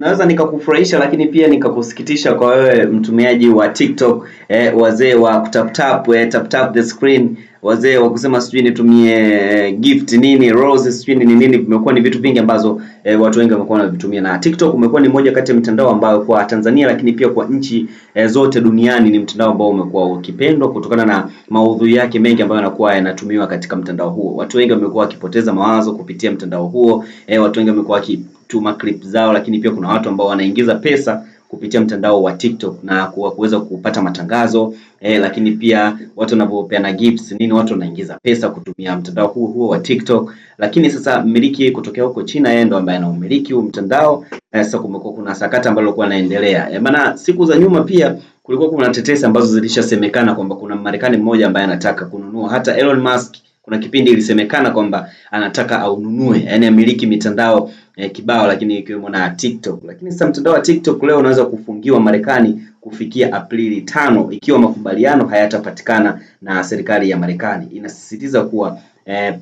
naweza nikakufurahisha lakini pia nikakusikitisha kwa wewe mtumiaji wa TikTok eh, wazee wa kutap tap eh, tap tap the screen wazee wa kusema sijui nitumie eh, gift nini rose sijui ni nini vimekuwa ni vitu vingi ambazo eh, watu wengi wamekuwa wanavitumia na TikTok umekuwa ni moja kati ya mtandao ambayo kwa Tanzania lakini pia kwa nchi eh, zote duniani ni mtandao ambao umekuwa ukipendwa kutokana na maudhui yake mengi ambayo yanakuwa yanatumiwa katika mtandao huo watu wengi wamekuwa wakipoteza mawazo kupitia mtandao huo eh, watu wengi wamekuwa kutuma clip zao, lakini pia kuna watu ambao wanaingiza pesa kupitia mtandao wa TikTok na kuwa kuweza kupata matangazo eh, lakini pia watu wanavyopeana gifts nini, watu wanaingiza pesa kutumia mtandao huo huo wa TikTok. Lakini sasa mmiliki kutokea huko China, yeye ndo ambaye anaumiliki huu mtandao eh, sasa kumekuwa kuna sakata ambalo lilikuwa linaendelea eh, maana siku za nyuma pia kulikuwa kuna tetesi ambazo zilishasemekana kwamba kuna Marekani mmoja ambaye anataka kununua hata Elon Musk kuna kipindi ilisemekana kwamba anataka aununue, yani amiliki mitandao eh, kibao, lakini ikiwemo na TikTok. Lakini sasa mtandao wa TikTok leo unaweza kufungiwa Marekani kufikia Aprili tano ikiwa makubaliano hayatapatikana na serikali ya Marekani. Inasisitiza kuwa eh,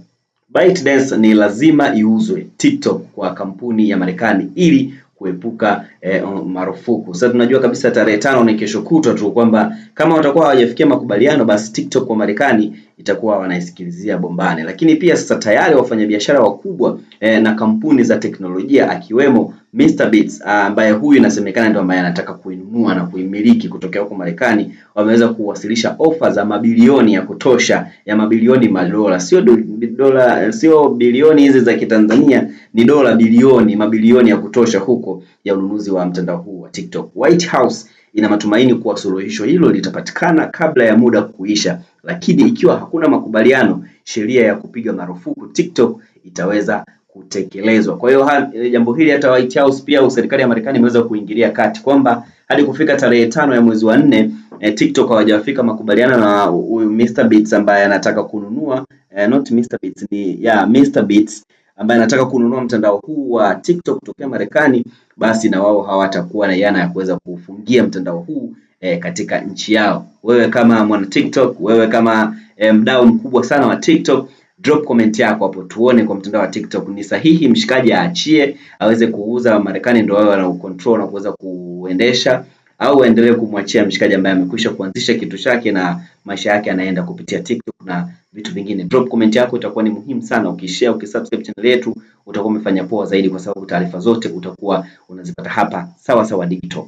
ByteDance ni lazima iuzwe TikTok kwa kampuni ya Marekani ili kuepuka eh, marufuku. Sasa tunajua kabisa tarehe tano ni kesho kutwa tu kwamba kama watakuwa hawajafikia makubaliano basi TikTok kwa Marekani itakuwa wanaisikilizia bombani. Lakini pia sasa tayari wafanyabiashara wakubwa eh, na kampuni za teknolojia akiwemo Mr Beast ah, ambaye huyu inasemekana ndio ambaye anataka kuinunua na kuimiliki kutokea huko Marekani, wameweza kuwasilisha ofa za mabilioni ya kutosha ya mabilioni madola, sio dola, sio bilioni hizi za Kitanzania, ni dola bilioni, mabilioni ya kutosha huko ya ununuzi wa mtandao huu wa TikTok. White House ina matumaini kuwa suluhisho hilo litapatikana kabla ya muda kuisha, lakini ikiwa hakuna makubaliano, sheria ya kupiga marufuku TikTok itaweza kutekelezwa. Kwa hiyo eh, jambo hili hata White House pia serikali ya Marekani imeweza kuingilia kati kwamba hadi kufika tarehe tano ya mwezi wa nne eh, TikTok hawajafika makubaliano na huyu Mr Beats ambaye anataka kununua eh, not Mr Beats ni yeah, Mr Beats ambaye anataka kununua mtandao huu wa TikTok kutokea Marekani, basi na wao hawatakuwa na yana ya kuweza kufungia mtandao huu eh, katika nchi yao. Wewe kama mwana TikTok, wewe kama eh, mdau mkubwa sana wa TikTok drop comment yako hapo tuone kwa mtandao wa TikTok ni sahihi mshikaji aachie aweze kuuza Marekani, ndio wao wana control na kuweza kuendesha au endelee kumwachia mshikaji ambaye amekwisha kuanzisha kitu chake na maisha yake anaenda kupitia TikTok na vitu vingine. Drop comment yako itakuwa ni muhimu sana. Ukishare, ukisubscribe channel yetu utakuwa umefanya poa zaidi, kwa sababu taarifa zote utakuwa unazipata hapa Sawa Sawa Digital.